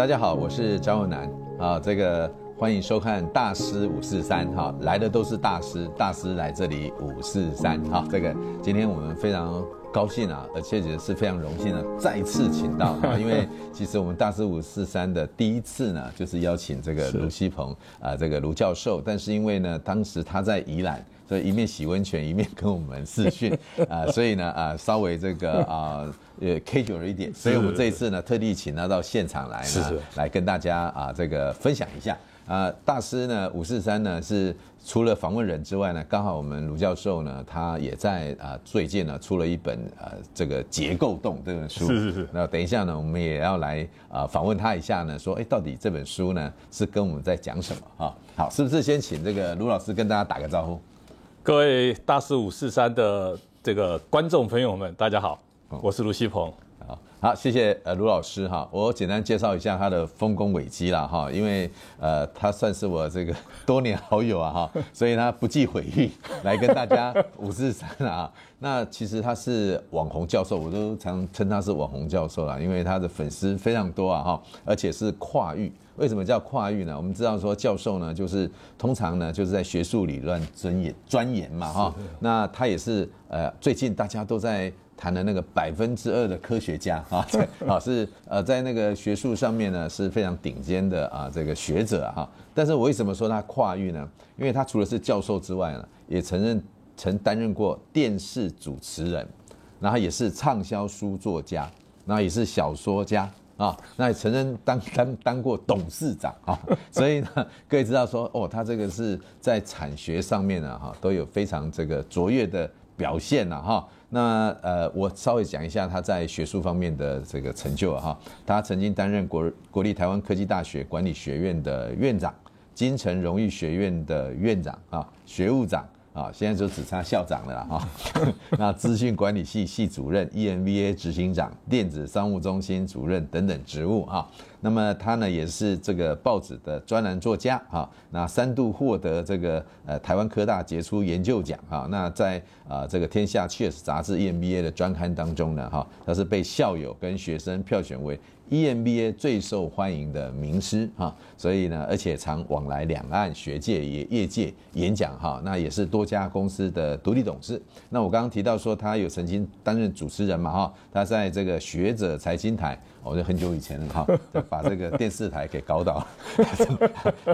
大家好，我是張勇南啊，這個歡迎收看大師五四三哈，來的都是大師，大師來這裡五四三哈，這個今天我們非常高興啊，而且也是非常榮幸的再次請到，啊，因為其實我們大師五四三的第一次呢，就是邀請這個盧希鵬啊，這個盧教授，但是因為呢，當時他在宜蘭。所以一面洗溫泉，一面跟我們視訊啊、 呃，所以呢啊、呃，稍微這個啊，呃 ，casual 一點。所以，我們這一次呢，是是是特地請他到，到現場來呢，是是是來跟大家啊、呃，這個分享一下啊、呃。大師呢，五四三呢，是除了訪問人之外呢，剛好我們盧教授呢，他也在啊，最近呢出了一本呃，這個結構洞這本書。是是是。那等一下呢，我們也要來啊、呃，訪問他一下呢，說哎，到底這本書呢，是跟我們在講什麼啊？好，是不是先請這個盧老師跟大家打個招呼？各位大師五四三的這個觀眾朋友們，大家好，我是盧希鵬。啊、嗯，好，謝謝呃盧老師哈，我簡單介紹一下他的豐功偉績啦哈，因為呃他算是我這個多年好友啊哈，所以他不計毀譽來跟大家五四三啊。 那其實他是網紅教授，我都常稱他是網紅教授啦，因為他的粉絲非常多啊哈，而且是跨域。為什麼叫跨域呢？我們知道說教授呢，就是通常呢，就是在學術理論鑽研鑽研嘛，哈。是的 那他也是呃，最近大家都在談的那個百分之二的科學家哈，老 是呃，在那個學術上面呢是非常頂尖的啊，這個學者哈、啊。但是我為什麼說他跨域呢？因為他除了是教授之外呢，也曾任曾擔任過電視主持人，然後也是暢銷書作家，然後也是小說家。啊、哦，那也曾任當當當過董事長啊、哦，所以呢，各位知道說哦，他這個是在產學上面呢、啊、哈，都有非常這個卓越的表現了、啊、哈、哦。那呃，我稍微講一下他在學術方面的這個成就哈、哦。他曾經擔任國國立台灣科技大學管理學院的院長、精誠榮譽學院的院長啊、哦、學務長。啊，現在就只差校長了哈、啊。 那資訊管理系系主任、EMBA 執行長、電子商務中心主任等等職務啊。那麼他呢，也是這個報紙的專欄作家啊。那三度獲得這個呃台灣科大傑出研究獎啊。那在啊這個天下 Cheers 雜誌 EMBA 的專刊當中呢哈、啊，他是被校友跟學生票選為。EMBA 最受歡迎的名師哈、啊，所以呢，而且常往來兩岸學界也業界演講哈，那也是多家公司的獨立董事。那我剛剛提到說他有曾經擔任主持人嘛哈，他在這個學者財經台，我覺得很久以前哈、啊，把這個電視台給搞倒了，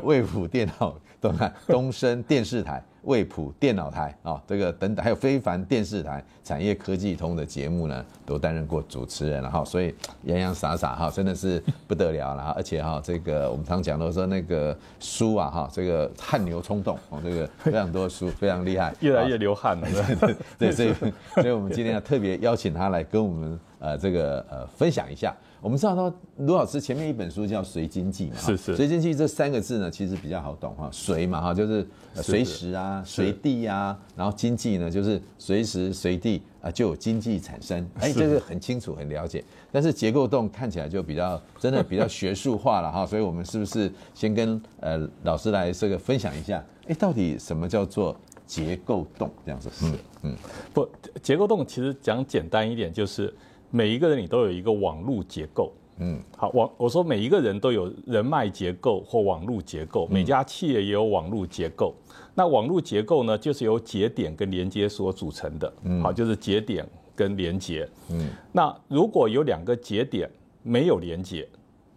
衛府電腦東東升電視台。魏普電腦台啊，這個等等，還有非凡電視台、產業科技通的節目呢，都擔任過主持人了哈，所以洋洋灑灑哈，真的是不得了了。而且哈，這個我們常講都說那個書啊哈，這個汗牛充棟，這個非常多書，非常厲害， 越來越流汗了。對 對，所以所以我們今天要特別邀請他來跟我們呃這個呃分享一下。我們知道，說盧老師前面一本書叫《隨經濟》嘛，隨是經濟》這三個字呢，其實比較好懂哈，隨嘛哈，就是隨時啊，隨是地啊，然後經濟呢，就是隨時隨地啊就有經濟產生，哎、欸，這個很清楚，很了解。但是結構洞看起來就比較真的比較學術化了哈， 所以我們是不是先跟呃老師來這個分享一下，哎、欸，到底什麼叫做結構洞這樣子是嗯，嗯不，結構洞其實講簡單一點就是。每一個人你都有一個網絡結構，嗯，好網我說每一個人都有人脈結構或網絡結構，每家企業也有網絡結構。那網絡結構呢，就是由節點跟連接所組成的，嗯，好就是節點跟連接，嗯，那如果有兩個節點沒有連接，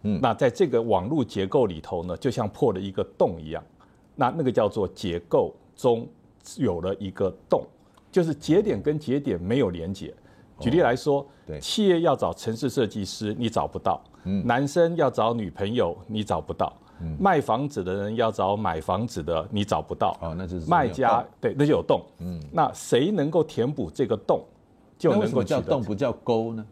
嗯，那在這個網絡結構裡頭呢，就像破了一個洞一樣，那那個叫做結構中有了一個洞，就是節點跟節點沒有連接。舉例來說，哦、企業要找程式設計師，你找不到；嗯、男生要找女朋友，你找不到；嗯、賣房子的人要找買房子的，你找不到。哦，那就是賣家、哦、對，那就有洞。嗯、那誰能夠填補這個洞，就能夠填補。為什麼叫洞不叫溝呢？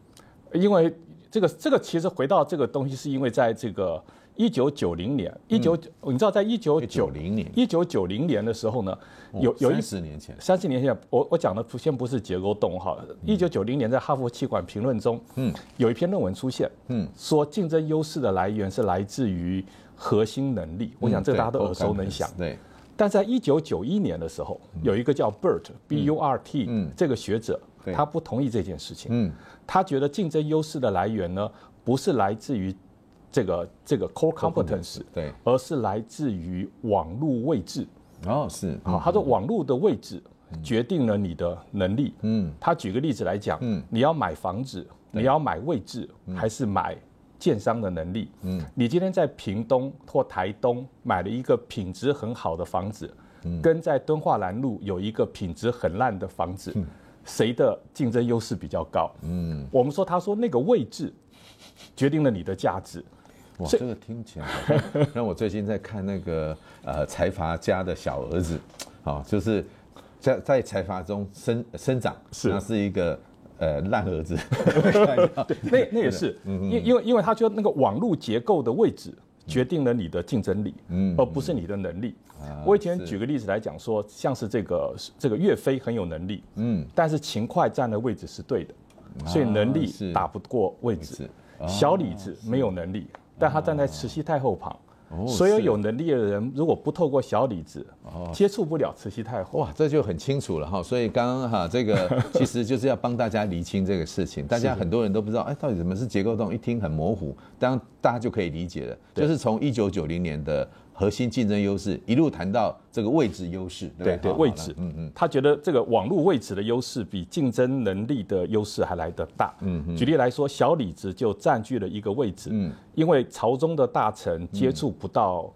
因為這個這個其實回到這個東西，是因為在這個。一九九零年，一九，你知道，在一九九零年，一九九零年的時候呢，有有一三十年前，三十年前，我我講的先不是結構洞哈。一九九零年，在哈佛《企管評論》中，嗯，有一篇論文出現，嗯，說競爭優勢的來源是來自於核心能力。我想這大家都耳熟能詳。對。但在一九九一年的時候，有一個叫 Burt B U R T 這個學者，他不同意這件事情。嗯。他覺得競爭優勢的來源呢，不是來自於。這個這個 core competence，對，而是來自於網路位置哦，是好，他說網路的位置決定了你的能力。嗯，他舉個例子來講，嗯，你要買房子，你要買位置還是買建商的能力？嗯，你今天在屏東或台東買了一個品質很好的房子，跟在敦化南路有一個品質很爛的房子，誰的競爭優勢比較高？嗯，我們說他說那個位置決定了你的價值。哇，這個聽起來……那我最近在看那個呃財閥家的小兒子，啊，就是在在財閥中生生長，是，他是一個呃爛兒子。對，那那也是，因因為因為他覺得那個網絡結構的位置決定了你的競爭力，嗯，而不是你的能力。我以前舉個例子來講說，像是這個這個岳飛很有能力，嗯，但是秦檜佔的位置是對的，所以能力是打不過位置。小李子沒有能力。但他站在慈禧太后旁，哦、所有有能力的人如果不透過小李子，哦、接觸不了慈禧太後。哇，這就很清楚了哈。所以剛剛哈，這個其實就是要幫大家釐清這個事情。 大家很多人都不知道，哎，到底什麼是結構洞？一聽很模糊，但大家就可以理解了。就是從一九九零年的。核心競爭優勢一路談到這個位置優勢，對對，對對，位置，嗯嗯好，他覺得這個網絡位置的優勢比競爭能力的優勢還來得大，嗯嗯哼。舉例來說，小李子就佔據了一個位置，嗯，因為朝中的大臣接觸不到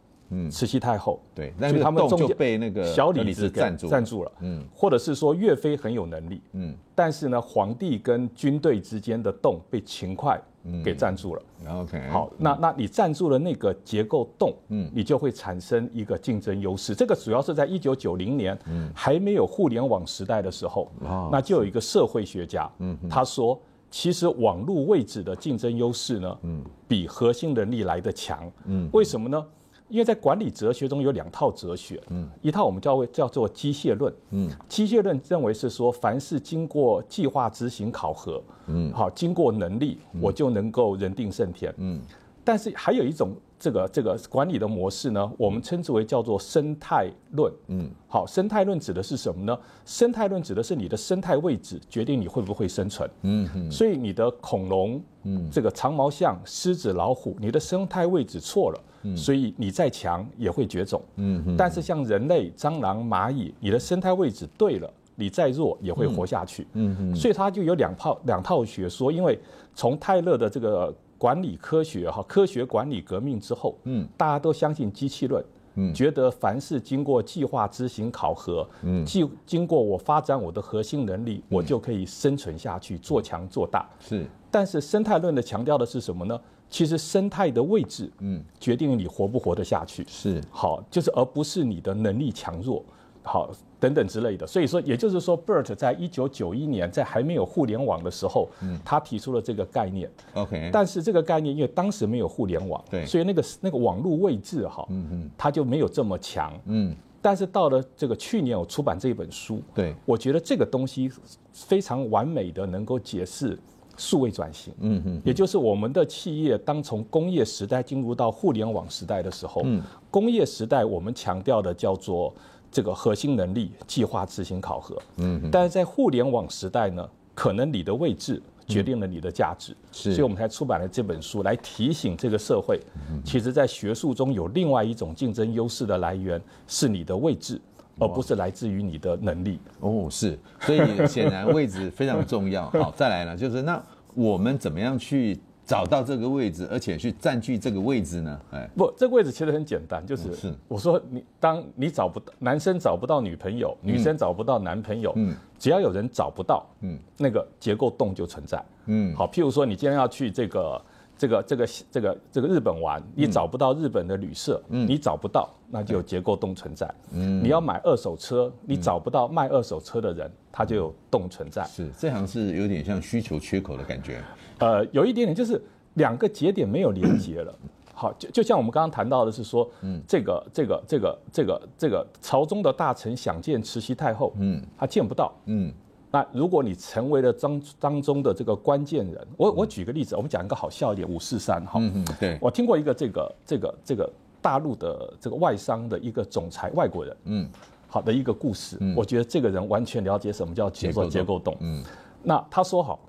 慈禧太後，嗯嗯、對，所以他們就被那個小李子佔佔住了，嗯，或者是說岳飛很有能力，嗯，但是呢，皇帝跟軍隊之間的洞被秦檜。給站住了，嗯，OK，好，那那你站住了那個結構洞，嗯，你就會產生一個競爭優勢。這個主要是在一九九零年，嗯，還沒有互聯網時代的時候，哦，那就有一個社會學家，嗯哼，他說，其實網絡位置的競爭優勢呢，嗯，比核心能力來得強，嗯哼，為什麼呢？因為在管理哲學中有兩套哲學，嗯，一套我們叫為叫做機械論，嗯，機械論認為是說，凡事經過計劃、執行、考核，嗯，好，經過能力，嗯、我就能夠人定勝天，嗯，但是還有一種這個這個管理的模式呢，我們稱之為叫做生態論，嗯，好，生態論指的是什麼呢？生態論指的是你的生態位置決定你會不會生存，嗯哼，嗯，所以你的恐龍，嗯，這個長毛象、獅子、老虎，你的生態位置錯了。嗯、所以你再強也會絕種，嗯嗯、但是像人類、蟑螂、螞蟻，你的生態位置對了，你再弱也會活下去，嗯嗯嗯、所以他就有兩套兩套學說，因為從泰勒的這個管理科學哈，科學管理革命之後，大家都相信機器論，嗯、覺得凡是經過計劃、執行、考核，嗯、經過我發展我的核心能力，嗯、我就可以生存下去、做強做大，是。但是生態論的強調的是什麼呢？其實生態的位置，嗯，決定你活不活得下去，是好，就是而不是你的能力強弱，好等等之類的。所以說，也就是說 Burt 在一九九一年在還沒有互聯網的時候，嗯，他提出了這個概念，OK。但是這個概念因為當時沒有互聯網，對，所以那個那個網絡位置哈，嗯，他就沒有這麼強，嗯。但是到了這個去年我出版這一本書，對，我覺得這個東西非常完美的能夠解釋。數位轉型，嗯嗯，也就是我們的企業當從工業時代進入到互聯網時代的時候，嗯，工業時代我們強調的叫做這個核心能力、計劃、執行、考核，嗯，但是在互聯網時代呢，可能你的位置決定了你的價值，是，所以我們才出版了這本書來提醒這個社會，其實在學術中有另外一種競爭優勢的來源是你的位置。而不是來自於你的能力哦，是，所以顯然位置非常重要。 好，再來呢，就是那我們怎麼樣去找到這個位置，而且去佔據這個位置呢？哎，不，這個位置其實很簡單，就是是。我說你，當你找不到男生找不到女朋友，嗯、女生找不到男朋友，嗯，只要有人找不到，嗯，那個結構洞就存在，嗯，好，譬如說你今天要去這個。這個這個這個這個日本玩，你找不到日本的旅社，嗯、你找不到，那就有結構洞存在。嗯、你要買二手車，你找不到賣二手車的人，他就有洞存在。是，這好像是有點像需求缺口的感覺。呃，有一點點，就是兩個節點沒有連接了。 好，就就像我們剛剛談到的是說，嗯、這個，這個這個這個這個這個朝中的大臣想見慈禧太後，嗯，他見不到，嗯。那如果你成為了當當中的這個關鍵人，我我舉個例子，我們講一個好笑一點，五四三哈，嗯。嗯，對。我聽過一個這個這個這個大陸的這個外商的一個總裁，外國人，嗯，好的一個故事。嗯，我覺得這個人完全了解什麼叫結構結構洞。嗯，那他說好，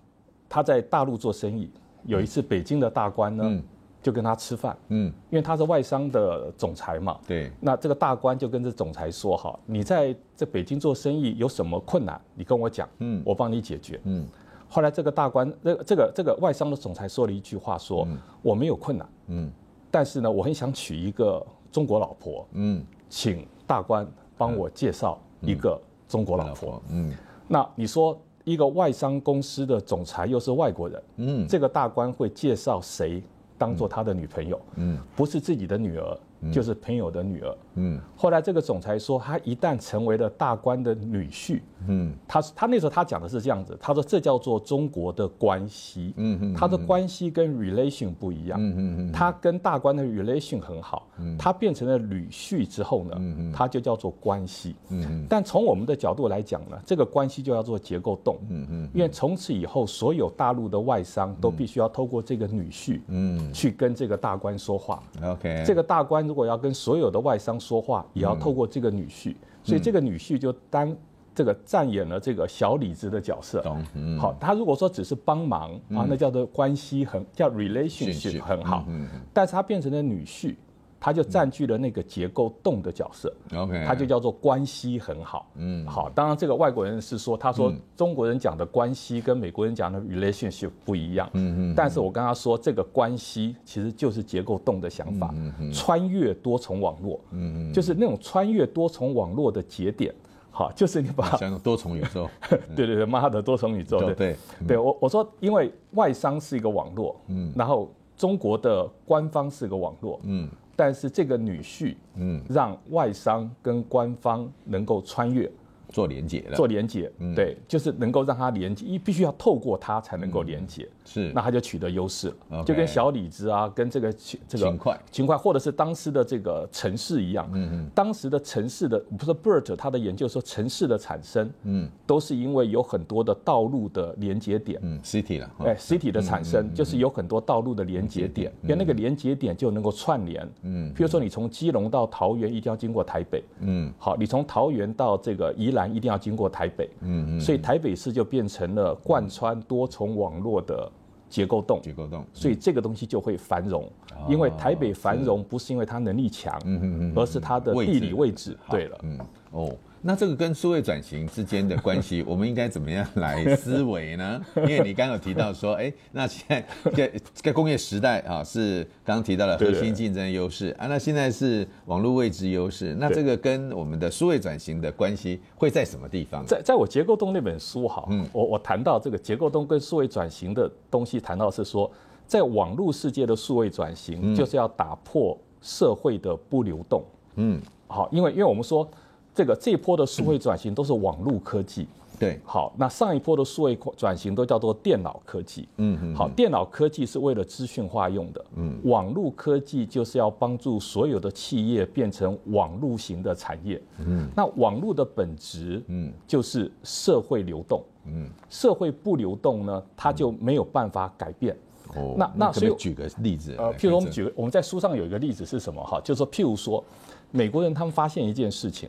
他在大陸做生意，有一次北京的大官呢。嗯嗯就跟他吃飯，嗯，因為他是外商的總裁嘛，對。那這個大官就跟這總裁說：“哈，你在這北京做生意有什麼困難？你跟我講，嗯，我幫你解決。”嗯，嗯。後來這個大官，這個、這個、這個外商的總裁說了一句話說：“說、嗯、我沒有困難，嗯，但是呢，我很想娶一個中國老婆，嗯，請大官幫我介紹一個中國老婆，嗯。嗯，那你說一個外商公司的總裁又是外國人，嗯，這個大官會介紹誰？”嗯、當做他的女朋友，嗯，不是自己的女兒。嗯就是朋友的女兒，嗯，後來這個總裁說，他一旦成為了大官的女婿，嗯，他他那時候他講的是這樣子，他說，這叫做中國的關係，嗯，他的關係跟 relation 不一樣，嗯，他跟大官的 relation 很好，嗯，他變成了女婿之後呢，嗯，他就叫做關係，嗯，但從我們的角度來講呢，這個關係就要做結構洞，嗯嗯，因為從此以後所有大陸的外商都必須要透過這個女婿，嗯，去跟這個大官說話，OK，這個大官，如果要跟所有的外商說話，也要透過這個女婿，嗯、所以這個女婿就當這個扮演了這個小李子的角色。好、嗯，他、嗯、如果說只是幫忙啊，嗯、那叫做關係很叫 relationship 很好，嗯嗯、但是他變成了女婿。他就佔據了那個結構洞的角色，OK，他就叫做關係很好，嗯，好。當然，這個外國人是說，他說中國人講的關係跟美國人講的 relationship 不一樣，嗯嗯。但是我跟他說，這個關係其實就是結構洞的想法，穿越多重網絡，嗯嗯，就是那種穿越多重網絡的節點，好，就是你把多重宇宙，對對對，媽的多重宇宙，對對對，我我說，因為外商是一個網絡，嗯，然後中國的官方是一個網絡，嗯。但是這個女婿，嗯，讓外商跟官方能夠穿越。做連接了，做連接，對，就是能夠讓它連接，必須要透過它才能夠連接，是，那它就取得優勢了，就跟小李子啊，跟這個這個勤快，勤快，或者是當時的這個城市一樣，嗯嗯，當時的城市的不是 Burt 他的研究說城市的產生，嗯，都是因為有很多的道路的連接點，嗯，City 了，哎，City 的產生就是有很多道路的連接點，因為那個連接點就能夠串聯，嗯，譬如說你從基隆到桃園一定要經過台北，嗯，好，你從桃園到這個宜蘭。一定要經過台北，嗯嗯，所以台北市就變成了貫穿多重網絡的結構洞，結構洞，所以這個東西就會繁榮，哦、因為台北繁榮不是因為它能力強，是嗯嗯嗯嗯、而是它的地理位置，位置對了，嗯哦。那這個跟數位轉型之間的關係，我們應該怎麼樣來思維呢？ 因為你剛剛有提到說，哎，那現在這個工業時代啊，是剛剛提到了核心競爭優勢的啊，那現在是網絡位置優勢。那這個跟我們的數位轉型的關係會在什麼地方？在在我結構洞那本書好，嗯，我我談到這個結構洞跟數位轉型的東西，談到是說，在網絡世界的數位轉型就是要打破社會的不流動。嗯，好，因為因為我們說。這個這一波的數位轉型都是網路科技，對，好，那上一波的數位轉型都叫做電腦科技，嗯嗯，好，電腦科技是為了資訊化用的，嗯，網路科技就是要幫助所有的企業變成網路型的產業，嗯，那網路的本質，嗯，就是社會流動，嗯，社會不流動呢，它就沒有辦法改變，哦，那那所以舉個例子，呃，譬如我們舉，我們在書上有一個例子是什麼哈，就是說譬如說美國人他們發現一件事情。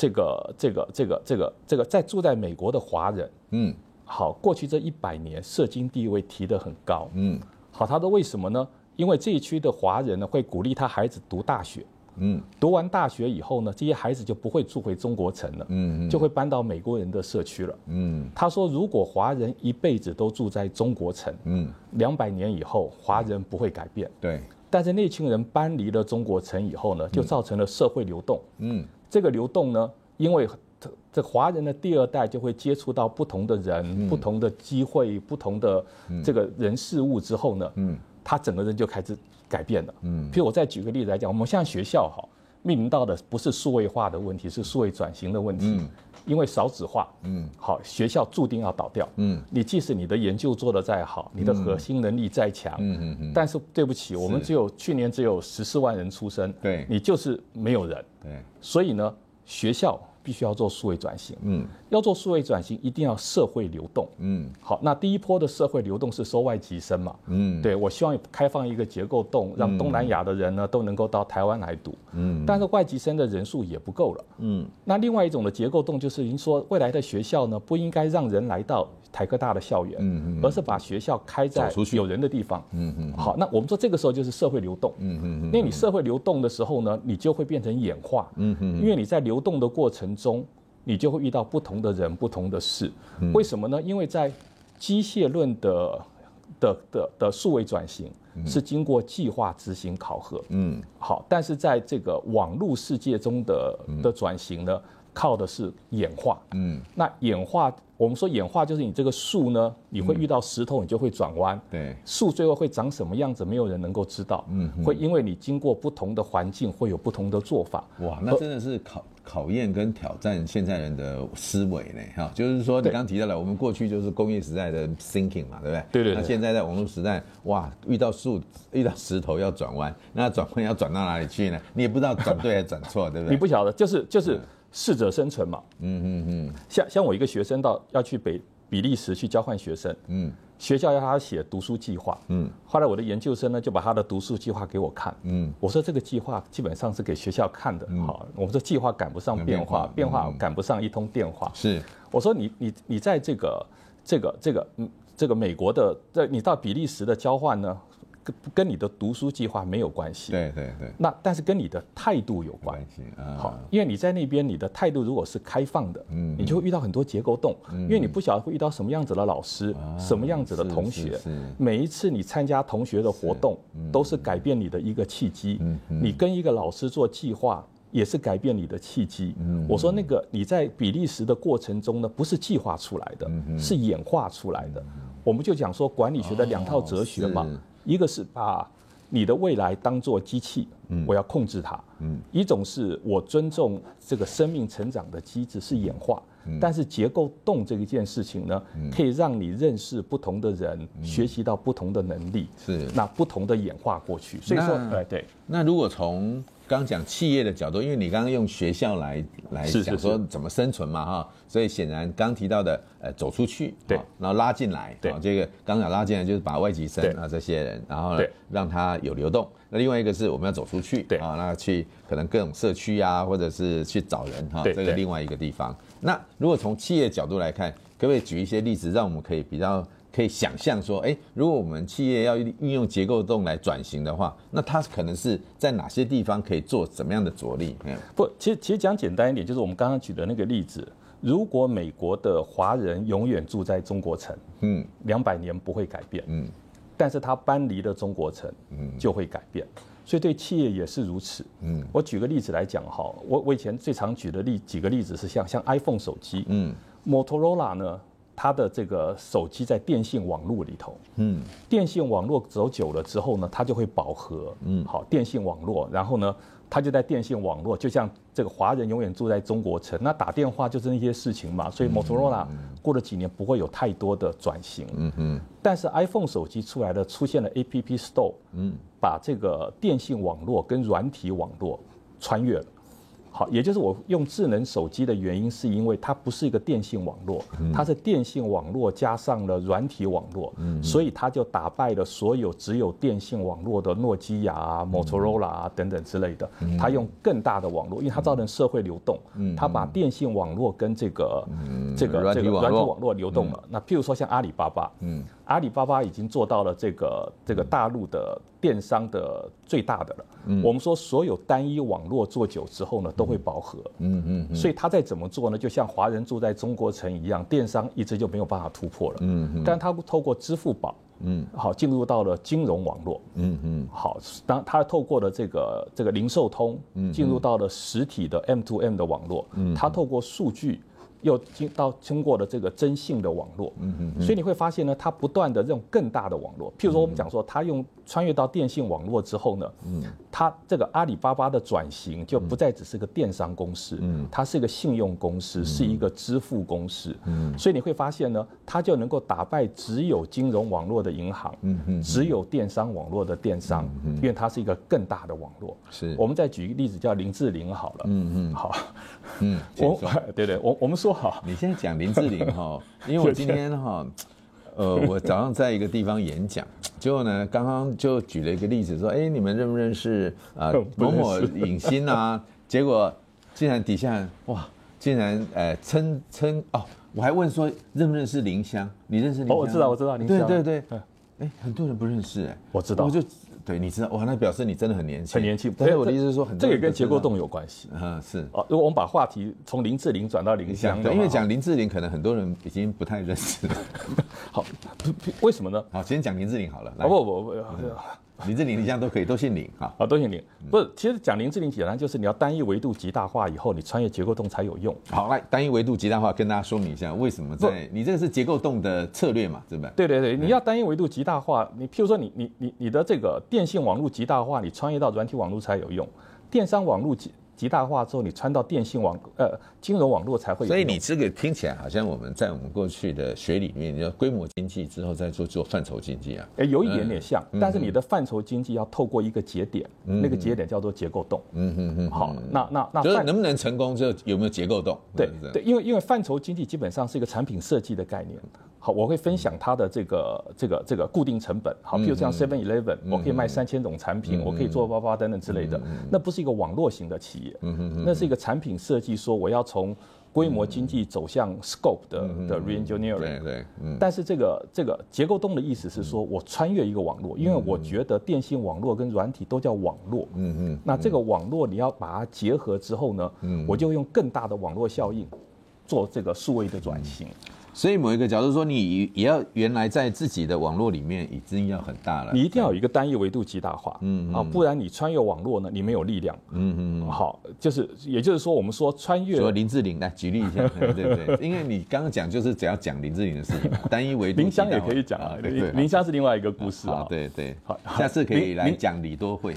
這個這個這個這個這個在住在美國的華人，嗯，好，過去這一百年，社經地位提得很高，嗯，好，他說為什麼呢？因為這一區的華人呢，會鼓勵他孩子讀大學，嗯，讀完大學以後呢，這些孩子就不會住回中國城了，嗯，嗯，就會搬到美國人的社區了，嗯，他說，如果華人一輩子都住在中國城，嗯，兩百年以後，華人不會改變，嗯、對，但是那群人搬離了中國城以後呢，就造成了社會流動，嗯。嗯這個流動呢，因為這華人的第二代就會接觸到不同的人、嗯、不同的機會、不同的這個人事物之後呢，嗯，他整個人就開始改變了。嗯，比如我再舉個例子來講，我們現在學校哈，面臨到的不是數位化的問題，是數位轉型的問題。嗯因為少子化，嗯，好，學校注定要倒掉，嗯，你即使你的研究做得再好，你的核心能力再強，嗯，嗯，嗯，嗯，但是對不起，是我們只有去年只有十四萬人出生，對，你就是沒有人，對，所以呢，學校。必須要做數位轉型，嗯，要做數位轉型，一定要社會流動，嗯，好，那第一波的社會流動是收外籍生嘛，嗯，對，我希望開放一個結構洞，讓東南亞的人呢，嗯，都能夠到台灣來讀，嗯，但是外籍生的人數也不夠了，嗯，那另外一種的結構洞就是您說未來的學校呢，不應該讓人來到。台科大的校園，而是把學校開在有人的地方。嗯嗯，好，那我們說這個時候就是社會流動。嗯嗯嗯，因為你社會流動的時候呢，你就會變成演化。嗯嗯，因為你在流動的過程中，你就會遇到不同的人、不同的事。為什麼呢？因為在機械論的的的的數位轉型是經過計劃、執行、考核。嗯，好，但是在這個網絡世界中的的轉型呢，靠的是演化，嗯，那演化，我們說演化就是你這個樹呢，你會遇到石頭，你就會轉彎，對，樹最後會長什麼樣子，沒有人能夠知道，嗯，會因為你經過不同的環境，會有不同的做法。哇，和 那真的是考考驗跟挑戰現在人的思維呢，哈，就是說你剛提到了，我們過去就是工業時代的 thinking 嘛，對不對？對對。那現在在網絡時代，哇，遇到樹遇到石頭要轉彎，那轉彎要轉到哪裡去呢？你也不知道轉對還是轉錯，對不對？你不曉得，就是就是。嗯適者生存嘛，嗯嗯嗯，像像我一個學生到要去北比利時去交換學生，嗯，學校要他寫讀書計劃，嗯，後來我的研究生呢就把他的讀書計劃給我看，嗯，我說這個計劃基本上是給學校看的，好，我說計劃趕不上變化，變化趕不上一通電話，是，我說你你你在這個這個這個嗯這，這個美國的在你到比利時的交換呢？跟你的讀書計劃沒有關係，對對對。那但是跟你的態度有關係，好，因為你在那邊，你的態度如果是開放的，嗯，你就會遇到很多結構洞，因為你不曉得會遇到什麼樣子的老師，什麼樣子的同學。每一次你參加同學的活動，都是改變你的一個契機。你跟一個老師做計劃，也是改變你的契機。我說那個你在比利時的過程中呢，不是計劃出來的，是演化出來的。我們就講說管理學的兩套哲學嘛。一個是把你的未來當做機器，嗯，我要控制它。嗯，一種是我尊重這個生命成長的機制是演化，嗯、但是結構洞這一件事情呢，嗯、可以讓你認識不同的人，嗯、學習到不同的能力，是那不同的演化過去，所以說，對那對，對那如果從。剛講企業的角度，因為你剛剛用學校來來講說怎麼生存嘛，哈，所以顯然剛提到的，呃，走出去，對，然後拉進來，對，這個剛剛拉進來就是把外籍生對啊這些人，然後呢對讓他有流動。那另外一個是我們要走出去，對，啊，那去可能各種社區啊，或者是去找人哈，啊、對這個另外一個地方。對那如果從企業角度來看，可不可以舉一些例子，讓我們可以比較。可以想象說，哎、欸，如果我們企業要運用結構洞來轉型的話，那它可能是在哪些地方可以做什麼樣的着力？嗯，不，其實其實講簡單一點，就是我們剛剛舉的那個例子，如果美國的華人永遠住在中國城，嗯，兩百年不會改變，嗯，但是他搬離了中國城，嗯，就會改變，所以對企業也是如此。嗯，我舉個例子來講哈，我我以前最常舉的例幾個例子是像像 iPhone 手機，嗯，Motorola 呢？他的這個手機在電信網絡裡頭，嗯，電信網絡走久了之後呢，它就會飽和，嗯，好，電信網絡，然後呢，他就在電信網絡，就像這個華人永遠住在中國城，那打電話就是那些事情嘛，所以摩托羅拉，過了幾年不會有太多的轉型，嗯嗯，但是 iPhone 手機出來的出現了 App Store，嗯，把這個電信網絡跟軟體網絡穿越了。好，也就是我用智能手機的原因，是因為它不是一個電信網絡，嗯、它是電信網絡加上了軟體網絡，嗯嗯、所以它就打敗了所有只有電信網絡的諾基亞啊、嗯、啊摩托羅拉啊等等之類的。嗯、它用更大的網絡，因為它造成社會流動，嗯、它把電信網絡跟這個、嗯、這個這個軟體網絡流動了。嗯、那譬如說像阿里巴巴。嗯阿里巴巴已經做到了這個這個大陸的電商的最大的了。嗯，我們說所有單一網絡做久之後呢，都會飽和。嗯嗯，嗯嗯所以它再怎麼做呢？就像華人住在中國城一樣，電商一直就沒有辦法突破了。嗯，嗯但它透過支付寶，嗯，好進入到了金融網絡。嗯嗯，嗯好，當它透過了這個這個零售通，嗯，進入到了實體的 M to M 的網絡。嗯，嗯它透過數據。又經到經過了這個徵信的網絡，嗯嗯，所以你會發現呢，他不斷的用更大的網絡，譬如說我們講說他用。嗯穿越到電信網絡之後呢，嗯，它這個阿里巴巴的轉型就不再只是個電商公司，嗯，它是一個信用公司，是一個支付公司，嗯，所以你會發現呢，它就能夠打敗只有金融網絡的銀行，嗯嗯，只有電商網絡的電商，因為它是一個更大的網絡。是，我們再舉一個例子，叫林志玲好了，嗯嗯，好，嗯，我對對，我我們說好，你先講林志玲哈，因為我今天哈。呃， 我早上在一個地方演講，結果呢，剛剛就舉了一個例子，說，哎，你們認不認識啊某某影星啊？結果竟然底下哇，竟然呃稱稱哦，我還問說認不認識林湘，你認識林湘？哦，我知道，我知道林湘。對對對，哎，很多人不認識哎，我知道啊，我就。對，你知道還那表示你真的很年輕，很年輕。所以我的意思是說、欸很這，這也跟結構洞有關係。嗯，是啊。如果我們把話題從林志玲轉到林襄，對，因為講林志玲可能很多人已經不太認識了 好。好，為什麼呢？好，先講林志玲好了。來啊不不不。不不啊林志玲，你這樣都可以，都姓林啊？啊，都姓林，不是？其實講林志玲，簡單就是你要單一維度極大化以後，你穿越結構洞才有用。好，來，單一維度極大化，跟大家說明一下為什麼對，不你這個是結構洞的策略嘛，對不對？對對對，你要單一維度極大化，你譬如說你你你你的這個電信網絡極大化，你穿越到軟體網絡才有用，電商網絡極極大化之後，你穿到電信網、呃，金融網絡才會。所以你這個聽起來好像我們在我們過去的學裡面叫規模經濟之後再做做範疇經濟啊。哎，有一點點像，但是你的範疇經濟要透過一個節點，那個節點叫做結構洞。嗯嗯嗯。好，那那那範能不能成功，就有沒有結構洞？對對，因為因為範疇經濟基本上是一個產品設計的概念。好，我會分享它的這個這個這個固定成本。好，譬如像樣，Seven Eleven，我可以賣三千種產品，嗯、哼我可以做包包等等之類的。嗯、哼那不是一個網絡型的企業，嗯嗯、那是一個產品設計。說我要從規模經濟走向 Scope 的、嗯、哼的 Reengineering。嗯。但是這個這個結構洞的意思是說，我穿越一個網絡，因為我覺得電信網絡跟軟體都叫網絡。嗯嗯。那這個網絡你要把它結合之後呢，嗯、哼我就會用更大的網絡效應，做這個數位的轉型。嗯所以某一個，假如說你也要原來在自己的網絡裡面已經要很大了，你一定要有一個單一維度極大化，嗯，不然你穿越網絡呢，你沒有力量，嗯嗯好，就是也就是說，我們說穿越，說林志玲來舉例一下，對對，因為你剛剛講就是只要講林志玲的事情，單一維度，林香也可以講啊，對，林香是另外一個故事啊，對對，好，下次可以來講李多慧，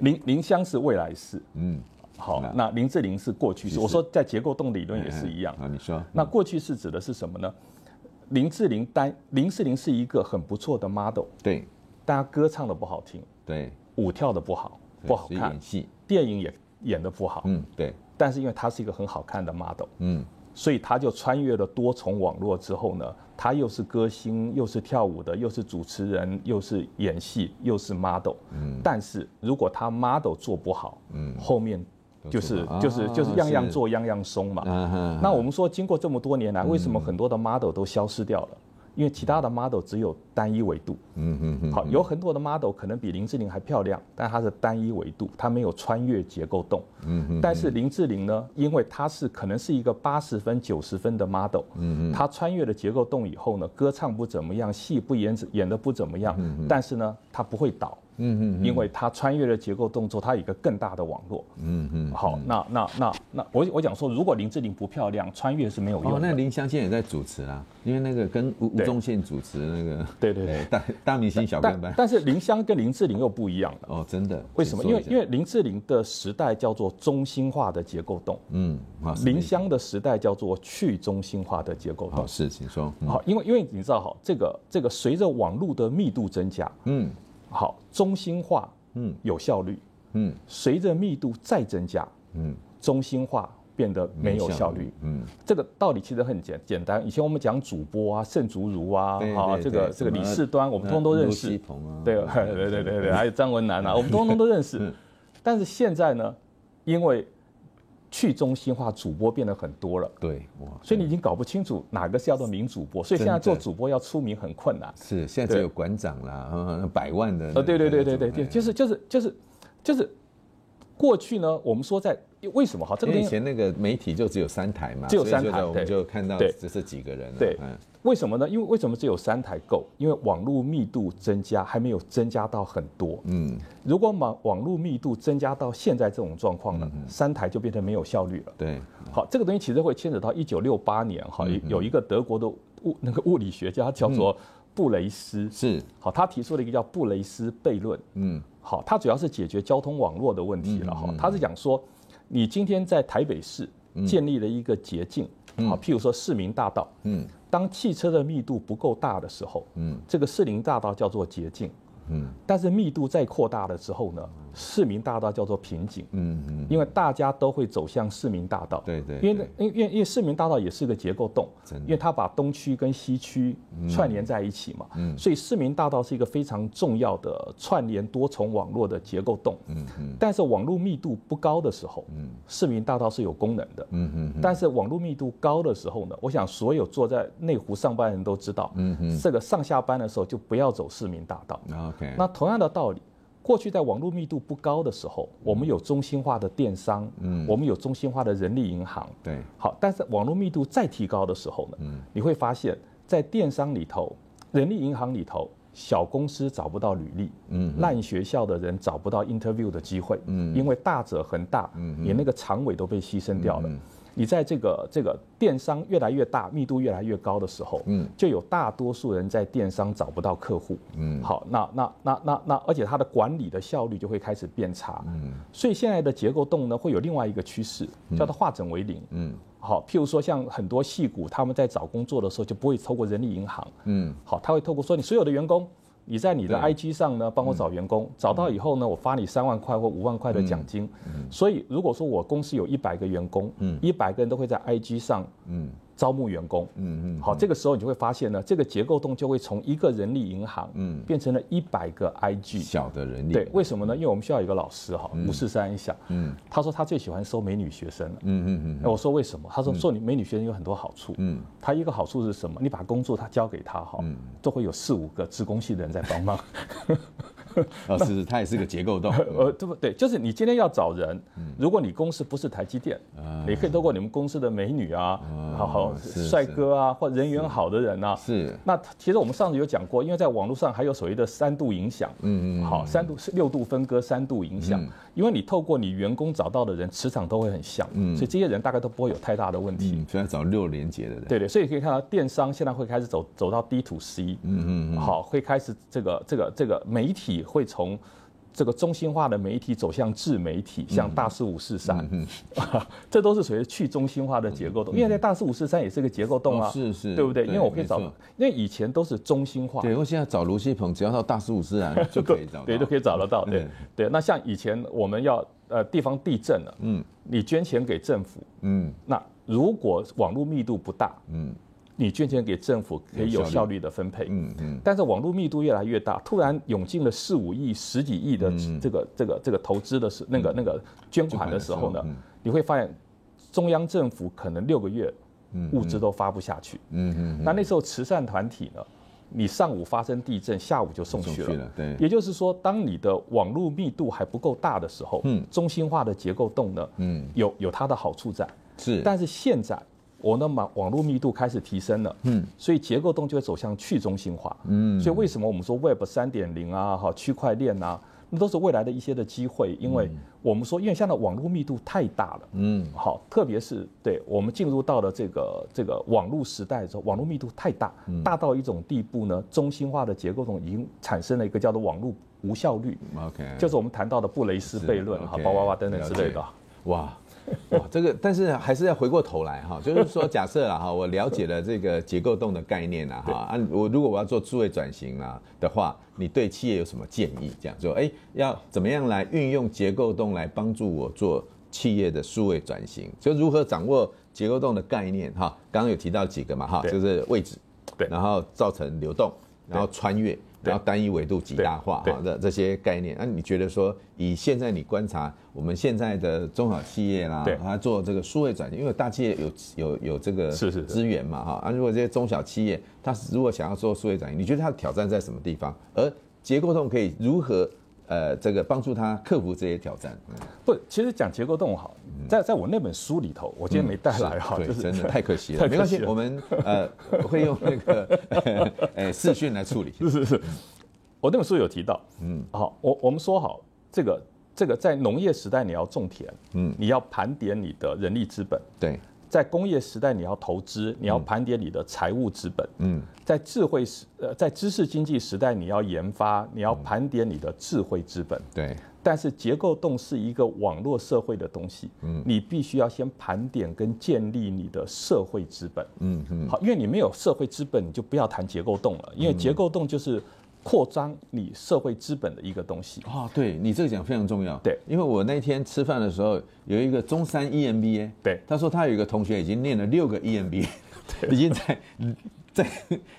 林林香是未來事。嗯。好，那林志玲是過去式。我說在結構洞理論也是一樣啊。你說，那過去式指的是什麼呢？林志玲單林志玲是一個很不錯的 model。對，大家歌唱的不好聽，對，舞跳的不好，不好看。戲，電影也演的不好。嗯，對。但是因為她是一個很好看的 model，嗯，所以她就穿越了多重網絡之後呢，她又是歌星，又是跳舞的，又是主持人，又是演戲，又是 model。嗯，但是如果她 model 做不好，嗯，後面。就是就是就是樣樣做樣樣鬆嘛。啊、那我們說，經過這麼多年來，為什麼很多的 model 都消失掉了？嗯、因為其他的 model 只有單一維度。嗯嗯嗯。嗯嗯好，有很多的 model 可能比林志玲還漂亮，但它是單一維度，它沒有穿越結構洞。嗯，嗯，嗯但是林志玲呢，因為她是可能是一個八十分九十分的 model，她穿越了結構洞以後呢，歌唱不怎麼樣，戲不演演得不怎麼樣，嗯嗯嗯、但是呢，她不會倒。嗯嗯，因為它穿越了結構洞作，它有一個更大的網絡。嗯嗯，嗯好，那那那那，我我講說，如果林志玲不漂亮，穿越是沒有用的、哦。那林湘現在也在主持啊，因為那個跟吳吳宗憲主持那個對對對，對對大大明星小跟班但但是林湘跟林志玲又不一樣了。哦，真的？為什麼？因為因為林志玲的時代叫做中心化的結構洞。嗯啊，林湘的時代叫做去中心化的結構洞。好、哦、是，請說。嗯、好，因為因為你知道哈，這個這個隨着網絡的密度增加，嗯。好，中心化，嗯，有效率，嗯，隨着密度再增加，嗯，中心化變得沒有效率，嗯，這個道理其實很簡簡單。以前我們講主播啊，盛竹如啊，啊，這個這個李四端，我們通通都認識，啊啊、對對對對對，還有張文男啊，我們通通都，都認識。嗯、但是現在呢，因為去中心化，主播變得很多了。對，哇！所以你已經搞不清楚，哪個是叫做名主播。對所以現在做主播要出名很困難。是，現在只有館長啦對、嗯，百萬的那那。呃，對對對對對，就是就是就是就是，過去呢，我們說在為什麼哈，這個以前那個媒體就只有三台嘛，只有三台，我們就看到只是幾個人了，啊，嗯。對為什麼呢？因為為什麼只有三台夠？因為網絡密度增加還沒有增加到很多。嗯，如果網網絡密度增加到現在這種狀況呢，嗯、哼三台就變成沒有效率了。對，好，這個東西其實會牽扯到一九六八年哈，好嗯、哼有一個德國的物那個物理學家叫做布雷斯，是、嗯、好，他提出了一個叫布雷斯悖論。嗯，好，他主要是解決交通網絡的問題了哈。嗯、哼他是講說，你今天在台北市建立了一個捷徑。嗯嗯好、啊，譬如說市民大道，嗯，嗯，當汽車的密度不夠大的時候，嗯，這個市民大道叫做捷徑，嗯，但是密度再擴大的時候呢？市民大道叫做瓶頸，嗯哼，因為大家都會走向市民大道，對對對，因為因為因為市民大道也是一個結構洞，因為它把東區跟西區串聯在一起嘛，嗯哼，所以市民大道是一個非常重要的串聯多重網絡的結構洞，嗯哼，但是網絡密度不高的時候，嗯哼，市民大道是有功能的，嗯嗯，但是網絡密度高的時候呢，我想所有坐在內湖上班人都知道，嗯哼，這個上下班的時候就不要走市民大道，嗯哼，那同樣的道理。過去在網絡密度不高的時候，我們有中心化的電商，嗯，我們有中心化的人力銀行，對，好，但是網絡密度再提高的時候呢，嗯，你會發現在電商裡頭、人力銀行裡頭，小公司找不到履歷，嗯哼，爛學校的人找不到 interview 的機會，嗯哼，因為大者恆大，連、嗯、哼那個長尾都被犧牲掉了。嗯你在這個這個電商越來越大，密度越來越高的時候，嗯，就有大多數人在電商找不到客戶，嗯，好，那那那那那，而且它的管理的效率就會開始變差，嗯，所以現在的結構洞呢，會有另外一個趨勢，叫它化整為零，嗯，嗯，好，譬如說像很多矽谷，他們在找工作的時候就不會透過人力銀行，嗯，好，他會透過說你所有的員工。你在你的 IG 上呢，對幫我找員工，嗯、找到以後呢，嗯、我發你三萬塊或五萬塊的獎金。嗯嗯、所以，如果說我公司有一百個員工，一百、嗯、個人都會在 IG 上，嗯。嗯招募員工，嗯嗯，好，這個時候你就會發現呢，這個結構洞就會從一個人力銀行，嗯，變成了100個 IG 小的人力，對，為什麼呢？因為我們學校有個老師哈，五四三一下。嗯，他說他最喜歡收美女學生了，嗯嗯嗯，我說為什麼？他說做女、嗯、美女學生有很多好處，嗯，他一個好處是什麼？你把工作他交給他哈，嗯，都會有四五個職工系的人在幫忙。 啊 那、哦，是，是，它也是個結構洞。呃，對不對？就是你今天要找人，嗯、如果你公司不是台積電，嗯、你也可以透過你們公司的美女啊，嗯、好，好，好是帥哥啊，是是或人緣好的人啊。是。那其實我們上次有講過，因為在網絡上還有所謂的三度影響。嗯，嗯嗯嗯。好，三度是六度分割，三度影響。嗯因為你透過你員工找到的人，磁場都會很像，嗯、所以這些人大概都不會有太大的問題。現在、嗯、找六連結的人，對對，所以可以看到電商現在會開始走走到 D to C，嗯嗯，好，會開始這個這個這個媒體會從。這個中心化的媒體走向自媒體，像大四五四三，這都是屬於去中心化的結構洞，因為在大四五四三也是一個結構洞啊，是是，對不對？因為我可以找，因為以前都是中心化。對，我現在找盧希鵬，只要到大四五四三就可以找，對，都可以找得到。對對，那像以前我們要呃地方地震了，嗯，你捐錢給政府，嗯，那如果網絡密度不大，嗯。你捐錢給政府可以有效率的分配，嗯嗯，但是網絡密度越來越大，突然湧進了四五億、十幾億的這個這個這個投資的是那個那個捐款的時候呢，你會發現中央政府可能六個月物資都發不下去，嗯嗯，那那時候慈善團體呢，你上午發生地震，下午就送去了，對，也就是說，當你的網絡密度還不夠大的時候，中心化的結構洞呢，嗯，有有它的好處在，是，但是現在。我的網網絡密度開始提升了，嗯，所以結構洞就會走向去中心化，嗯，所以為什麼我們說 Web 三點零啊，哈，區塊鏈啊，那都是未來的一些的機會，因為我們說，因為現在網絡密度太大了，嗯，好，特別是對我們進入到了這個這個網絡時代之後，網絡密度太大，大到一種地步呢，中心化的結構洞已經產生了一個叫做網絡無效率，OK，就是我們談到的布雷斯悖論，哈，包娃娃等等之類的，哇。哇、哦，這個但是還是要回過頭來哈，就是說假設啊，哈，我了解了這個結構洞的概念啊哈，啊我如果我要做數位轉型了的話，你對企業有什麼建議？這樣說，誒、欸，要怎麼樣來運用結構洞來幫助我做企業的數位轉型？就如何掌握結構洞的概念哈？剛剛有提到幾個嘛哈，就是位置，對，然後造成流動，然後穿越。然後單一維度極大化啊，這這些概念，那你覺得說以現在你觀察我們現在的中小企業啦，他做這個數位轉型，因為大企業有有有這個是是資源嘛哈，那如果這些中小企業，他如果想要做數位轉型，你覺得他的挑戰在什麼地方？而結構洞可以如何？呃，這個幫助他克服這些挑戰。嗯、不，其實講結構洞哈，在在我那本書裡頭，我今天沒帶來哈，嗯、是就是真的太可惜了，惜了沒關係，了我們呃 會用那個呃、欸、視訊來處理。是是是，我那本書有提到。嗯，好，我我們說好，這個這個在農業時代你要種田，嗯，你要盤點你的人力資本，對。在工業時代你，你要投資，你要盤點你的財務資本。嗯，在智慧時，呃，在知識經濟時代，你要研發，你要盤點你的智慧資本。嗯，對，但是結構洞是一個網絡社會的東西。嗯，你必須要先盤點跟建立你的社會資本。嗯嗯，嗯好，因為你沒有社會資本，你就不要談結構洞了。因為結構洞就是。擴張你社會資本的一個東西啊、哦，對，你這個講非常重要。對，因為我那天吃飯的時候，有一個中山 EMBA，對，他說他有一個同學已經念了六個 EMBA，已經對在。 在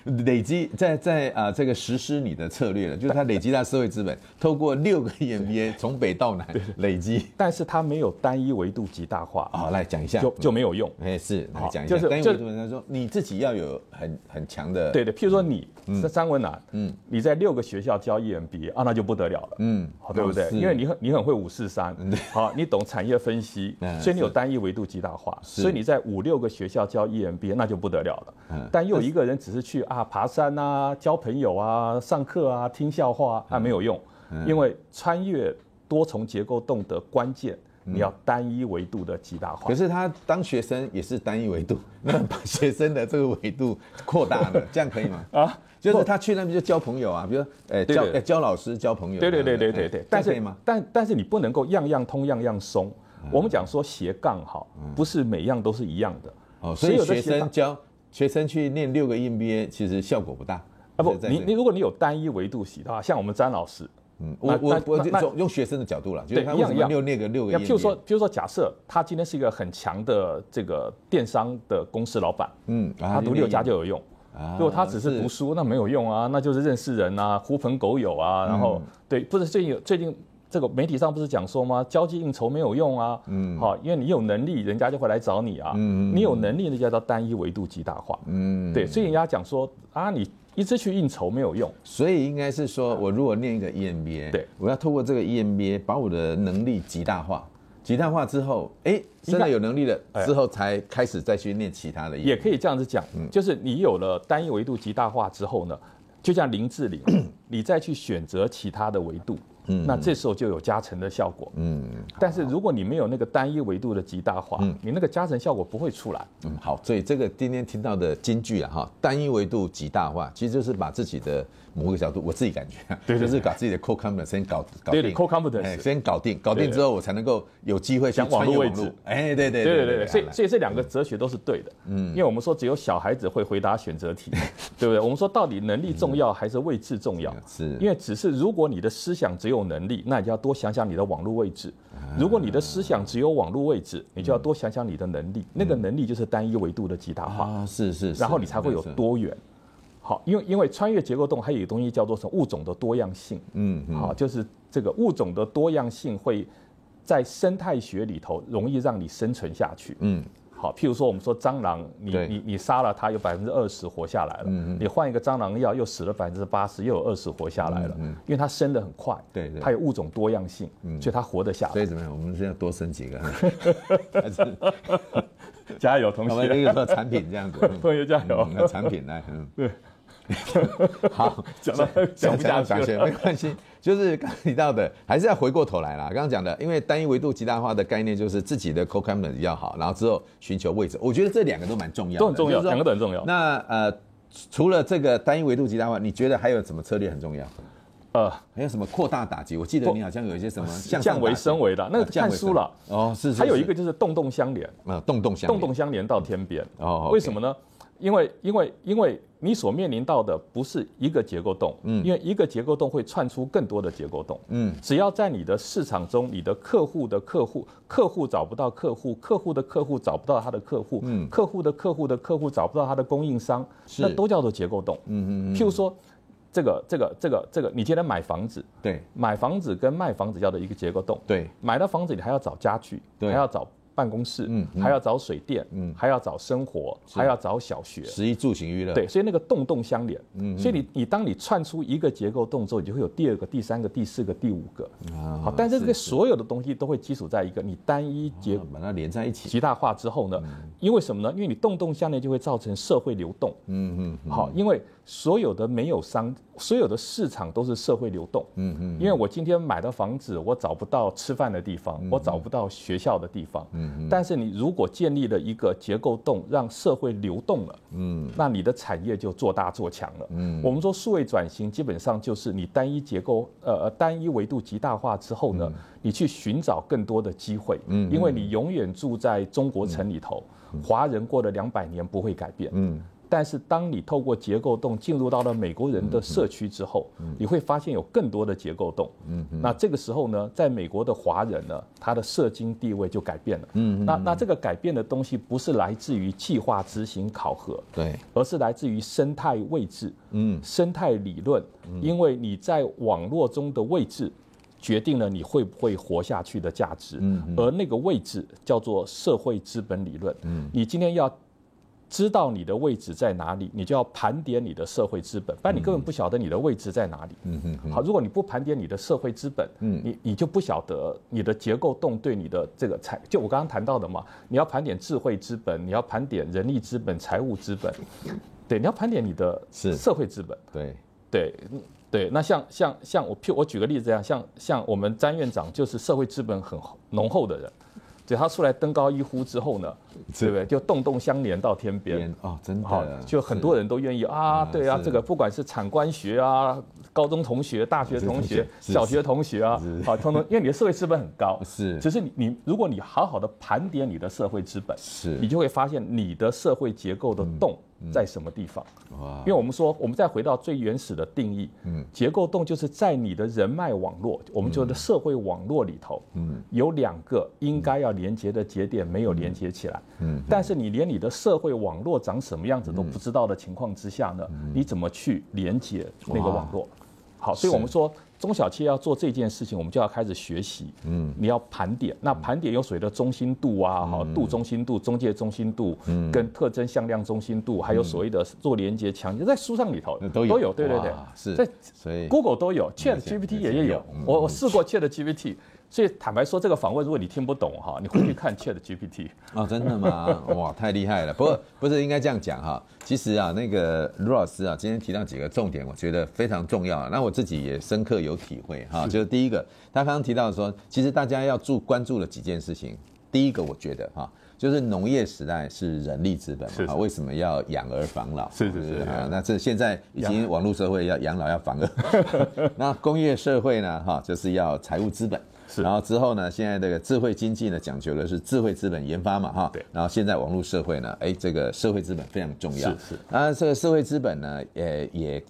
累積，在在啊，這個實施你的策略了，就是他累積到社會資本，透過六個 EMBA 從北到南累積，但是他沒有單一維度極大化。好，來講一下，就就沒有用。哎，是，講一下，單一維度來說，你自己要有很很強的，對的。譬如說你張文南，嗯，你在六個學校教 EMBA 啊，那就不得了了，嗯，對不對？因為你很你很會五四三，好，你懂產業分析，所以你有單一維度極大化，所以你在五六個學校教 EMBA 那就不得了了，嗯，但又一個。人只是去啊爬山啊交朋友啊上課啊聽笑話啊，那沒有用，因為穿越多重結構洞的關鍵，你要單一維度的極大化。可是他當學生也是單一維度，那把學生的這個維度擴大了，這樣可以嗎？啊，就是他去那邊就交朋友啊，比如說哎，交，誒交老師交朋友，對對對對對，但是可以嗎？但但是你不能夠樣樣通樣樣鬆。我們講說斜槓哈，不是每樣都是一樣的。哦，所以學生教。學生去念六個 EMBA 其實效果不大啊！不，你你如果你有單一維度習的話，像我們詹老師，嗯，我我我用學生的角度了，對，一樣一樣，沒念個六個 EMBA。比如說，比如說，假設他今天是一個很強的這個電商的公司老板，嗯，啊、他讀六家就有用。啊、如果他只是讀書，是那沒有用啊，那就是認識人啊，狐朋狗友啊，然後、嗯、對，不是最近有最近。這個媒體上不是講說嗎？交際應酬沒有用啊，好、嗯啊，因為你有能力，人家就會來找你啊。嗯、你有能力，那叫做單一維度極大化。嗯，對，所以人家講說啊，你一直去應酬沒有用。所以應該是說我如果念一個 EMBA，、啊、對，我要透過這個 EMBA 把我的能力極大化，極大化之後，哎、欸，真的有能力了看之後，才開始再去念其他的。也可以這樣子講，就是你有了單一維度極大化之後呢，就像林志玲， 你再去選擇其他的維度。那這時候就有加成的效果。嗯，但是如果你沒有那個單一維度的極大化，你那個加成效果不會出來。嗯，好，所以這個今天聽到的金句啊，哈，單一維度極大化，其實就是把自己的。某個角度，我自己感覺，對，就是搞自己的 core competence 先搞搞 core competence，先搞定，搞定之後我才能夠有機會想網路位置，哎，對對對對對，所以所以這兩個哲學都是對的，嗯，因為我們說只有小孩子會回答選擇題，對不對？我們說到底能力重要還是位置重要？是，因為只是如果你的思想只有能力，那你就要多想想你的網絡位置；如果你的思想只有網絡位置，你就要多想想你的能力。那個能力就是單一維度的極大化，是是，然後你才會有多元。好，因為因為穿越結構洞，還有一個東西叫做什麼物種的多樣性。嗯，好，就是這個物種的多樣性會在生態學裡頭容易讓你生存下去。嗯，好，譬如說我們說蟑螂，你你你殺了它，有百分之二十活下來了。你換一個蟑螂藥，又死了百分之八十，又有二十活下來了。嗯。因為它生得很快。對。它有物種多樣性。嗯。所以它活得下來。所以怎麼樣？我們是要多生幾個。哈哈哈哈加油，同學。我們又產品這樣子。同學加油。我們的產品呢？對。 好，講到講不下去講講沒關係，就是剛才提到的，還是要回過頭來了。剛才講的，因為單一維度極大化的概念就是自己的 c o c a m p m e n 要好，然後之後尋求位置，我覺得這兩個都蠻重要的，都重要，兩個都很重要。重要那，呃、除了這個單一維度極大化，你覺得還有什麼策略很重要？呃，還有什麼擴大打擊？我記得你好像有一些什麼降維升維的那個看書了，啊，降哦，是，是，是。還有一個就是洞洞相連，啊，哦，洞洞相，洞洞相連到天邊哦。Okay，為什麼呢？因為因為因為你所面臨到的不是一個結構洞，嗯、因為一個結構洞會串出更多的結構洞，嗯、只要在你的市場中，你的客戶的客戶客戶找不到客戶，客戶的客戶找不到他的客戶，嗯、客戶的客戶的客戶找不到他的供應商，嗯、那都叫做結構洞，嗯嗯譬如說，嗯嗯這個這個這個這個，你今天買房子，對，買房子跟賣房子叫做一個結構洞，對，買了房子你還要找家具，對，還要找。辦公室，嗯，還要找水電，嗯，還要找生活，還要找小學，食衣住行娛樂，對，所以那個洞洞相連，嗯，所以你你當你串出一個結構洞之後，你就會有第二個、第三個、第四個、第五個，好，但是這個所有的東西都會基礎在一個你單一結構把它連在一起極大化之後呢，因為什麼呢？因為你洞洞相連就會造成社會流動，嗯嗯，好，因為。所有的沒有商，所有的市場都是社會流動。嗯嗯，因為我今天買的房子，我找不到吃飯的地方，我找不到學校的地方。嗯嗯，但是你如果建立了一個結構洞，讓社會流動了，嗯，那你的產業就做大做強了。嗯，我們說數位轉型，基本上就是你單一結構，呃，單一維度極大化之後呢，你去尋找更多的機會。嗯，因為你永遠住在中國城裡頭，華人過了兩百年不會改變。嗯。但是，當你透過結構洞進入到了美國人的社區之後，嗯、哼你會發現有更多的結構洞。嗯、哼那這個時候呢，在美國的華人呢，他的社經地位就改變了。嗯、哼那那這個改變的東西不是來自於計劃執行考核，對，而是來自於生態位置。嗯、生態理論，嗯、因為你在網絡中的位置，決定了你會不會活下去的價值。嗯、哼而那個位置叫做社會資本理論。嗯、你今天要。知道你的位置在哪裡，你就要盤點你的社會資本，不然你根本不曉得你的位置在哪裡。嗯哼哼好，如果你不盤點你的社會資本，嗯，你你就不曉得你的結構洞對你的這個財，就我剛剛談到的嘛，你要盤點智慧資本，你要盤點人力資本、財務資本，是對，你要盤點你的社會資本。對對對，那像像像我譬如我舉個例子這樣，像像我們詹院長就是社會資本很濃厚的人。所以他出來登高一呼之後呢，對不對？就洞洞相連到天邊啊，真的，就很多人都願意啊。對啊，這個不管是產官學啊，高中同學、大學同學、小學同學啊，好，通通，因為你的社會資本很高，是，只是你你如果你好好的盤點你的社會資本，是，你就會發現你的社會結構的洞。在什麼地方？嗯、因為我們說，我們再回到最原始的定義，嗯、結構洞就是在你的人脈網絡，我們覺得社會網絡裡頭，嗯、有兩個應該要連接的節點沒有連接起來，嗯嗯嗯嗯、但是你連你的社會網絡長什麼樣子都不知道的情況之下呢，嗯嗯嗯、你怎麼去連接那個網絡？哇好，是所以我們說。中小企業要做這件事情，我們就要開始學習。嗯，你要盤點，那盤點有所謂的中心度啊，哈、嗯、度中心度、中介中心度，嗯，跟特徵向量中心度，嗯、還有所謂的做連接強，就在書上裡頭都有，都有，都有啊、對對對，是。在 Google 都有以，Chat GPT 也有，有我我試過 Chat GPT。所以坦白說，這個訪問如果你聽不懂哈，你回去看 Chat GPT 啊、哦，真的嗎？哇，太厲害了！不過不是應該這樣講哈，其實啊，那個盧老師啊，今天提到幾個重點，我覺得非常重要。那我自己也深刻有體會哈，就是第一個，他剛剛提到說，其實大家要注關注的幾件事情。第一個，我覺得哈，就是農業時代是人力資本，啊，是是 為什麼要養兒防老？是是是，是、啊、養 那這現在已經網絡社會要養老要防老。那工業社會呢哈，就是要財務資本。是，然後之後呢？現在這個智慧經濟呢，講究的是智慧資本研發嘛，哈。然後現在網絡社會呢，哎，這個社會資本非常重要。是是。當然，這個社會資本呢，呃，也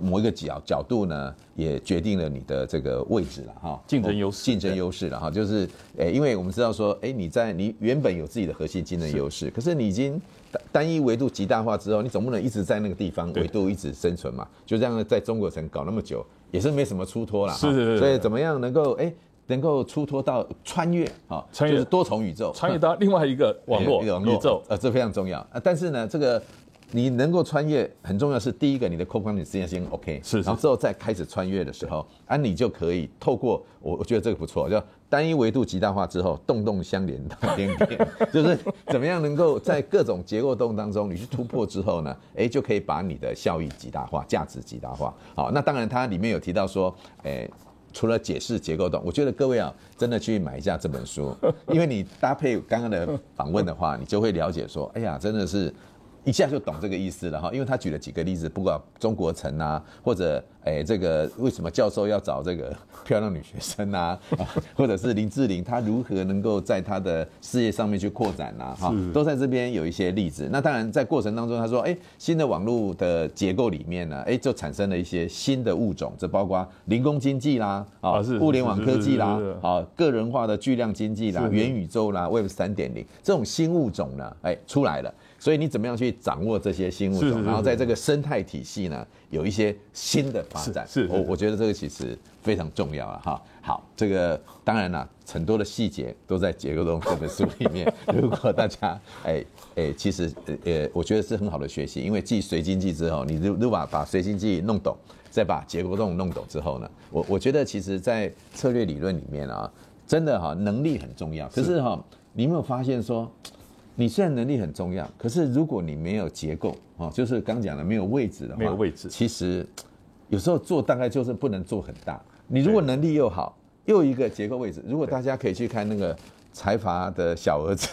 某一個角角度呢，也決定了你的這個位置了，哈。競爭優勢。競爭優勢了，哈，就是，哎，因為我們知道說，哎，你在你原本有自己的核心競爭優勢，可是你已經單單一維度極大化之後，你總不能一直在那個地方維度一直生存嘛？就這樣在中國城搞那麼久，也是沒什麼出脫啦。是是是。所以怎麼樣能夠哎？能夠出脫到穿越，就穿越就是多重宇宙，穿越到另外一個網絡宇宙，呃、啊，這非常重要。啊、但是呢，這個你能夠穿越很重要，是第一個你的客觀條件先 OK，是，是，然後之後再開始穿越的時候，是是啊，你就可以透過我，對 我覺得這個不錯，就單一維度極大化之後，洞洞相連到另一邊， 就是怎麼樣能夠在各種結構洞當中你去突破之後呢、欸，就可以把你的效益極大化，價值極大化。好，那當然它裡面有提到說，欸除了解釋結構洞，我覺得各位啊，真的去買一下這本書，因為你搭配剛剛的訪問的話，你就會了解說，哎呀，真的是。一下就懂這個意思了哈，因為他舉了幾個例子，不管中國城啊，或者誒、欸、這個為什麼教授要找這個漂亮女學生啊， 或者是林志玲，她如何能夠在他的事業上面去擴展吶、啊、哈，都在這邊有一些例子。那當然在過程當中，他說哎、欸、新的網絡的結構裡面呢，哎、欸、就產生了一些新的物種，這包括零工經濟啦、喔、啊，物聯網科技啦啊，個人化的巨量經濟啦，的元宇宙啦，Web 三點零這種新物種呢哎、欸、出來了。所以你怎麼樣去掌握這些新物種，然後在這個生態體系呢，有一些新的發展。是，我我覺得這個其實非常重要了哈。好，這個當然啦、啊，很多的細節都在《結構洞》這本書裡面。如果大家哎哎，其實呃、欸、我覺得是很好的學習，因為繼隨經濟之後，你如如果把隨經濟弄懂，再把結構洞弄懂之後呢，我我覺得其實在策略理論裡面啊，真的哈、啊，能力很重要。可是哈、啊，你有沒有發現說？你雖然能力很重要，可是如果你沒有結構啊，就是剛講的沒有位置的話，沒有位置。其實有時候做大概就是不能做很大。你如果能力又好，又一個結構位置，如果大家可以去看那個財閥的小兒子，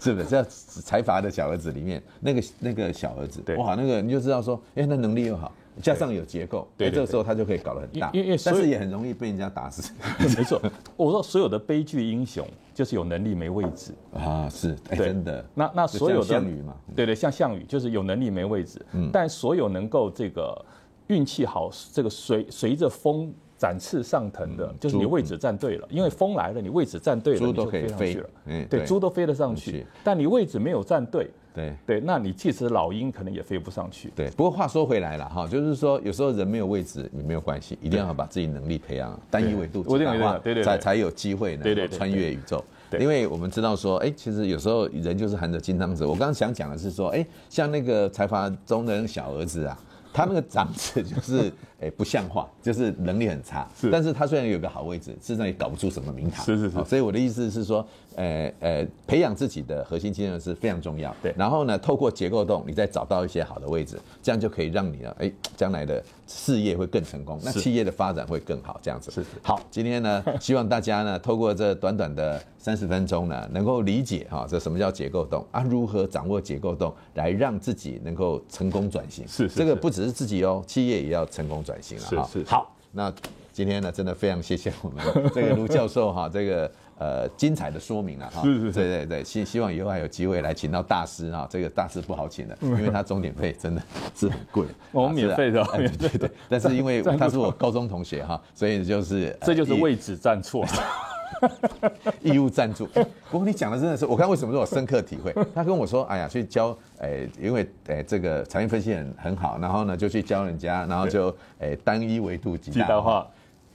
是不是？叫財閥的小兒子裡面那個那個小兒子，對，哇，那個你就知道說，哎，那能力又好。加上有結構，對，這個時候他就可以搞得很大，因為所以，但是也很容易被人家打死。沒錯，我說所有的悲劇英雄就是有能力沒位置啊，是，真的。那那所有的像項羽嘛，對對，像項羽就是有能力沒位置。嗯。但所有能夠這個運氣好，這個隨隨着風展翅上騰的，就是你位置站對了，因為風來了，你位置站對了，豬都可以飛了。嗯，對，豬都飛得上去，但你位置沒有站對。對對，那你即使老鷹可能也飛不上去。對，不過話說回來了哈，就是說有時候人沒有位置，你沒有關係，一定要把自己能力培養對單一維度這樣的話，才才有機會呢，穿越宇宙。對，對，對，對，對，因為我們知道說，哎、欸，其實有時候人就是含着金湯匙。我剛剛想講的是說，哎、欸，像那個財閥中的那個小兒子啊，他那個長子就是。 哎、欸，不像話，就是能力很差。是，但是他雖然有個好位置，實際上也搞不出什麼名堂，是是是、哦。所以我的意思是說，呃呃，培養自己的核心技能是非常重要。對。然後呢，透過結構洞，你再找到一些好的位置，這樣就可以讓你呢，哎、欸，將來的事業會更成功，那企業的發展會更好。這樣子。是，是是。好，今天呢，希望大家呢，透過這短短的三十分鐘呢，能夠理解哈、哦，這什麼叫結構洞啊？如何掌握結構洞，來讓自己能夠成功轉型。是，是是。這個不只是自己哦，企業也要成功轉。轉型了哈，是，是，是。好。那今天呢，真的非常謝謝我們這個盧教授哈、啊，這個呃精彩的說明了哈。是是是，對對對，希希望以後還有機會來請到大師哈、啊，這個大師不好請的，因為他鐘點費真的是很貴、啊。 我們免費的，對對對。但是因為他是我高中同學哈、啊，所以就是、呃、這就是位置站錯了。 義務贊助，不過你講的真的是，我看為什麼是我深刻體會。他跟我說，哎呀，去教，哎，因為哎、呃、這個產業分析很很好，然後呢就去教人家，然後就哎、呃、單一維度極大化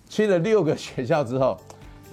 去了六個學校之後，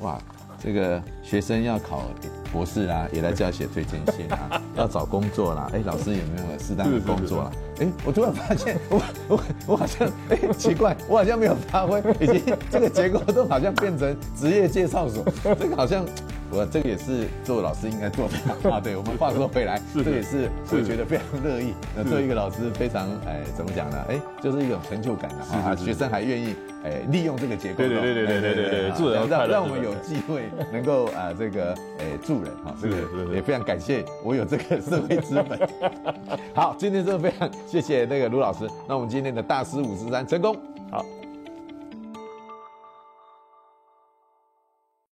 哇。這個學生要考博士啊，也來教寫推薦信啊，要找工作啦，啊，哎，老師有沒有適當的工作啦，啊，哎，我突然發現我，我我我好像，哎，奇怪，我好像沒有發揮，已經這個結構都好像變成職業介紹所，這個好像。我這個也是作為老師應該做的啊。對我們話說回來，這也是我覺得非常樂意。那作為一個老師非常哎，怎麼講呢？哎，就是一種成就感啊。學生還願意哎利用這個結構。對對對對對對對，助人快樂。讓讓我們有機會能夠啊這個哎助人啊，這個也非常感謝我有這個社會資本。好，今天真的非常謝謝那個盧老師。那我們今天的大師五十三成功。